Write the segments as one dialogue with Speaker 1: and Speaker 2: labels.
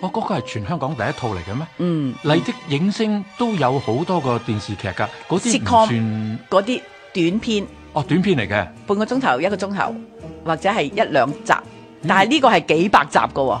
Speaker 1: 我、哦、嗰、嗰個係全香港第一套嚟嘅咩？嗯，麗的影
Speaker 2: 星都有好多個電視劇㗎，嗰啲唔算
Speaker 1: 嗰啲短片。
Speaker 2: 哦，短片嚟嘅，
Speaker 1: 半個鐘頭一個鐘頭，或者係一兩集，嗯、但係呢個係幾百集嘅，哦。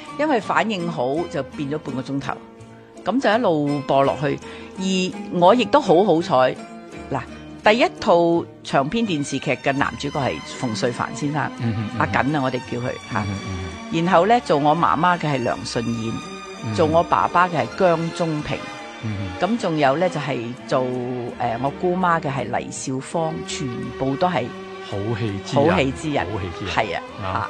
Speaker 1: 因為反應好就變咗半個鐘頭，咁就一路播落去。而我亦都好好彩，嗱，第一套長篇電視劇嘅男主角係馮瑞凡先生，嗯、阿錦啊，嗯、我哋叫佢吓、嗯嗯。然後呢，做我媽媽嘅係梁順燕、嗯，做我爸爸嘅係姜中平，咁、嗯、仲、嗯嗯、有呢，就係、是、做誒、呃、我姑媽嘅係黎少芳，全部都係
Speaker 2: 好戲之人、好戲之
Speaker 1: 人，係啊吓。
Speaker 2: 啊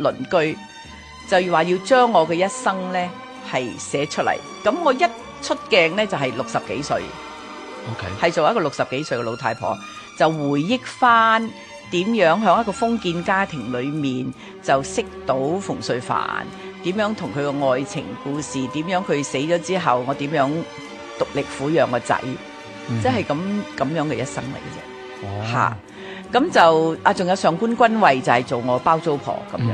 Speaker 1: 鄰居就要話要將我嘅一生咧係寫出嚟，咁我一出鏡咧就係、是、六十幾歲，係、okay. 做一個六十幾歲嘅老太婆，就回憶翻點樣響一個封建家庭裏面就識到馮瑞凡，點樣同佢嘅愛情故事，點樣佢死咗之後，我點樣獨力撫養個仔，即係咁咁樣嘅一生嚟嘅吓。Oh. 咁就啊，仲有上官君惠就係做我包租婆咁樣。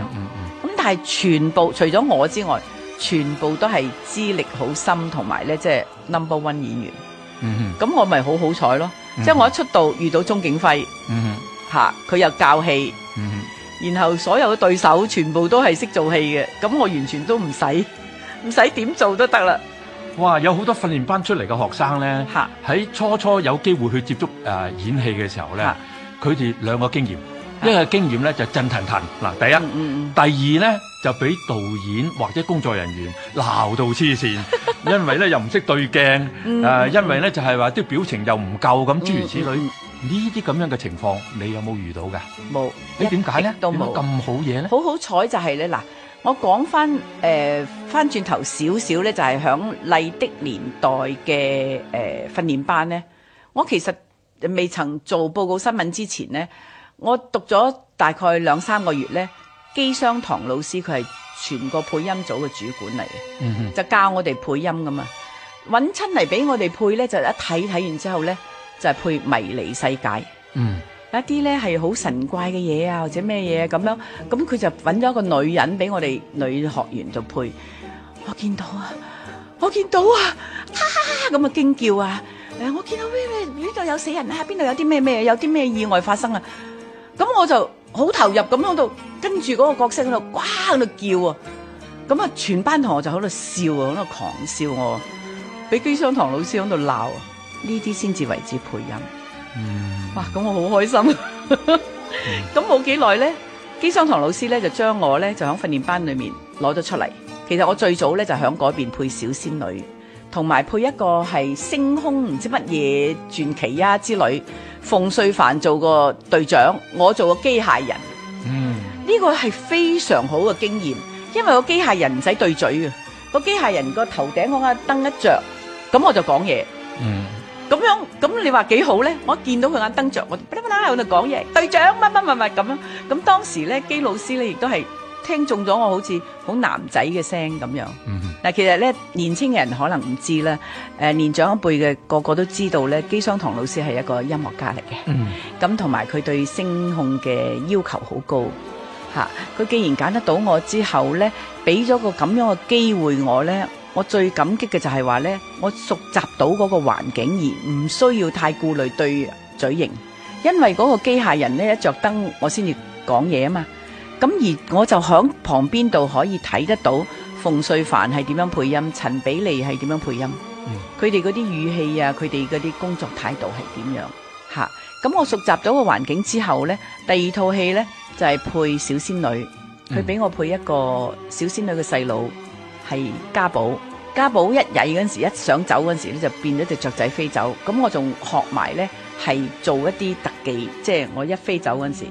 Speaker 1: 咁但係全部除咗我之外，全部都係資歷好深，同埋咧即係 number one 演員。咁我咪好好彩咯！即係我一出道遇到鍾景輝，吓佢又教戲，然後所有嘅對手全部都係識做戲嘅，咁我完全都唔使唔使點做都得啦。哇！有好多訓練班出嚟嘅
Speaker 2: 學生咧，喺初初有機會去接觸誒演戲嘅時候咧。佢哋兩個經驗，一個經驗咧就震騰騰嗱，第一，嗯，嗯，第二咧就俾導演或者工作人員鬧到黐線，因為咧又唔識對鏡，誒，因為咧就係話啲表情又唔夠咁，諸如此類。呢啲咁樣嘅情況，你有
Speaker 1: 冇遇到㗎？冇，你點解咧？都冇，咁好嘢咧？好好彩就係咧，嗱，我講翻誒翻轉頭少少咧，就係響麗的年代嘅誒訓練班咧，我其實。未曾做報告新聞之前呢，我讀咗大概兩三個月呢，機商唐老師佢係全個配音組嘅主管嚟嘅，mm -hmm. 就教我哋配音咁嘛。揾親嚟俾我哋配呢，就一睇睇完之後呢就係、是、配《迷離世界》。嗯，mm -hmm. 一啲呢係好神怪嘅嘢啊，或者咩嘢咁樣。咁佢就揾咗個女人俾我哋女學員度配。我見到啊，我見到啊，哈哈哈，咁啊驚叫啊！誒，我見到呢度有死人啊？邊度有啲咩咩？有啲咩意外發生啊？咁我就好投入咁喺度，跟住嗰個角色喺度，呱喺度叫啊！咁啊，全班同學就喺度笑啊，喺度狂笑我，俾機商堂老師喺度鬧啊！呢啲先至為之配音。嗯，哇，咁我好開心。咁冇幾耐咧，機商堂老師咧就將我咧就喺訓練班裏面攞咗出嚟。其實我最早咧就喺嗰邊配小仙女。同埋配一個係星空唔知乜嘢傳奇啊之類，鳳瑞凡做個隊長，我做個機械人，呢個係非常好嘅經驗，因為個機械人唔使對嘴嘅，個機械人個頭頂嗰眼燈，一着，咁我就講嘢，咁樣咁你話幾好咧？我一見到佢眼燈着，我巴拉巴拉喺度講嘢，隊長乜乜乜乜咁樣，咁當時咧基老師咧亦都係。聽中咗我好似好男仔嘅聲咁樣，嗱、mm -hmm.，其實咧年青人可能唔知啦，誒，年長一輩嘅個個都知道咧，基商堂老師係一個音樂家嚟嘅，咁同埋佢對聲控嘅要求好高，吓、啊，佢既然揀得到我之後咧，俾咗個咁樣嘅機會我咧，我最感激嘅就係話咧，我熟習到嗰個環境而唔需要太顧慮對嘴型，因為嗰個機械人咧一着燈我先至講嘢啊嘛。咁而我就喺旁邊度可以睇得到馮瑞凡係點樣配音，陳比利係點樣配音，佢哋嗰啲語氣啊，佢哋嗰啲工作態度係點樣吓？咁、啊、我熟習到個環境之後咧，第二套戲咧就係、是、配小仙女，佢、嗯、俾我配一個小仙女嘅細佬係家寶，家寶一曳陣時一想走陣時咧就變咗隻雀仔飛走，咁我仲學埋咧係做一啲特技，即、就、係、是、我一飛走陣時，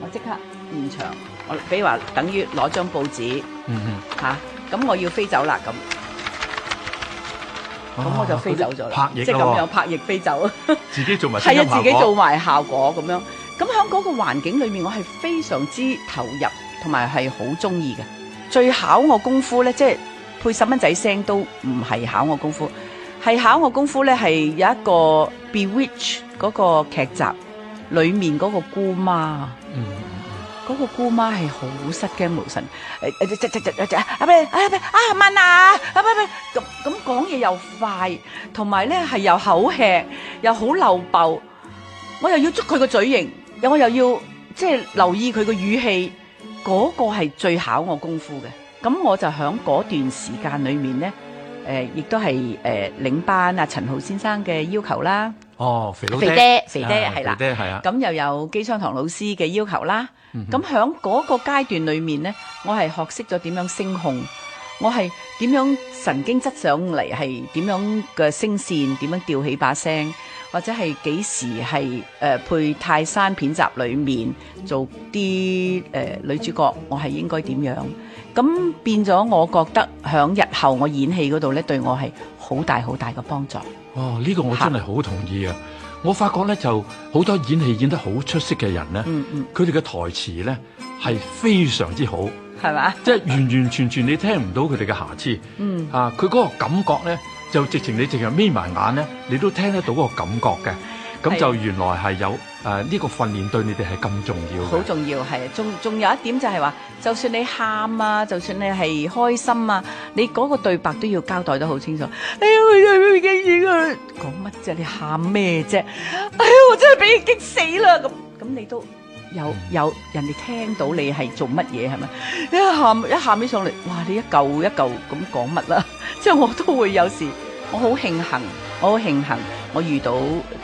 Speaker 1: 我即刻現場。比如話等於攞張報紙，吓、嗯、咁、嗯啊、我要飛走啦咁，咁、啊、我就飛走咗啦。即係咁樣、啊、拍翼飛走，
Speaker 2: 自己做埋係啊，自己做埋
Speaker 1: 效果咁樣。咁喺嗰個環境裏面，我係非常之投入，同埋係好中意嘅。最考我功夫咧，即係配十蚊仔聲都唔係考我功夫，係考我功夫咧係有一個《Bewitch》嗰個劇集裏面嗰個姑媽。嗯嗰個姑媽係好失驚無神，誒誒，即即即即啊！咩啊咩啊！問啊啊咩咩！咁咁講嘢又快，同埋咧係又口吃，又好漏爆，我又要捉佢個嘴型，又我又要即係留意佢個語氣，嗰個係最考我功夫嘅。咁我就喺嗰段時間裏面咧，誒亦都係誒領班啊陳浩先生嘅要求啦。哦，肥佬，肥爹，肥爹係啦，肥爹係啊。咁又有機槍堂老師嘅要求啦。咁喺嗰個階段裏面呢，我係學識咗點樣聲控，我係點樣神經質上嚟係點樣嘅聲線，點樣吊起把聲，或者係幾時係誒、呃、配泰山片集裏面做啲誒、呃、女主角，我係應該點樣？咁變咗，我覺得響日後我演戲嗰度呢，對我係好大好大嘅幫助。哦，呢、
Speaker 2: 這個我真係好同意啊！我發覺咧，就好多演戲演得好出色嘅人咧，佢哋嘅台詞咧係非常之好，係嘛？即係完完全全你聽唔到佢哋嘅瑕疵，嗯、啊，佢嗰個感覺咧就直情你成日眯埋眼咧，你都聽得到嗰個感覺嘅，咁就原來係有是。啊！呢個訓練對你哋係咁重要，好
Speaker 1: 重要係啊！仲仲有一點就係話，就算你喊啊，就算你係開心啊，你嗰個對白都要交代得好清楚。哎呀，我真係被激死啦！講乜啫？你喊咩啫？哎呀，我真係俾你激死啦！咁咁你都有有人哋聽到你係做乜嘢係咪？你一喊一喊起上嚟，哇！你一嚿一嚿咁講乜啦？即係我都會有時，我好慶幸。我好慶幸，我遇到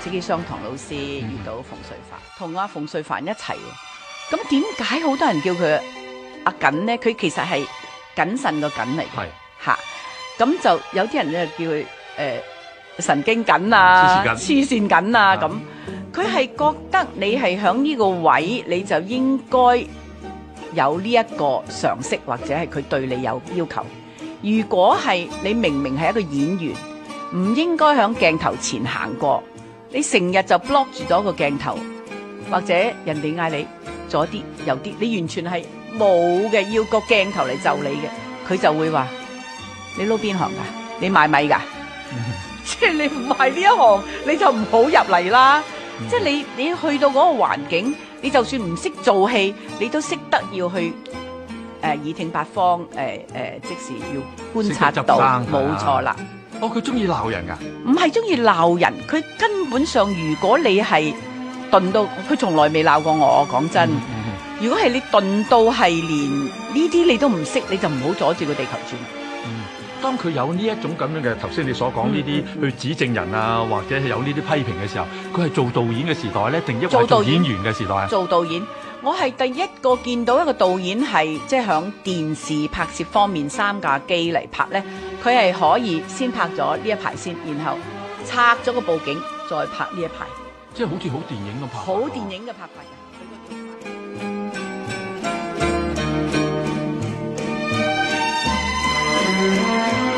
Speaker 1: 自己商堂老師，遇到馮瑞凡，同阿馮瑞凡一齊。咁點解好多人叫佢阿謹咧？佢其實係謹慎個謹嚟嘅，嚇。咁就有啲人咧叫佢誒神經謹啊、黐線謹啊咁。佢係覺得你係響呢個位，你就應該有呢一個常識，或者係佢對你有要求。如果係你明明係一個演員。唔應該喺鏡頭前行過，你成日就 block 住咗個鏡頭，或者人哋嗌你左啲右啲，你完全係冇嘅，要個鏡頭嚟就你嘅，佢就會話：你撈邊行㗎？你買米㗎？即 係 你唔係呢一行，你就唔好入嚟啦。 即係你你去到嗰個環境，你就算唔識做戲，你都識得要去誒耳、呃、聽八方，誒、呃呃、即時要
Speaker 2: 觀察到，冇錯啦。嗯。哦，佢中意鬧人㗎？啊？
Speaker 1: 唔係中意鬧人，佢根本上如果你係鈍到，佢從來未鬧過我。講真，如果係你鈍到係連呢啲你都唔識，你就唔好阻住個地球轉。嗯，
Speaker 2: 當佢有呢一種咁樣嘅，頭先你所講呢啲去指證人啊，或者係有呢啲批評嘅時候，佢係做導演嘅時代咧，定一做演員嘅時代啊？做
Speaker 1: 導演。我係第一個見到一個導演係即係響電視拍攝方面三架機嚟拍呢，佢係可以先拍咗呢一排先，然後拆咗個布景再拍呢一排，即係好似好電影咁拍，好電影
Speaker 3: 嘅拍拍的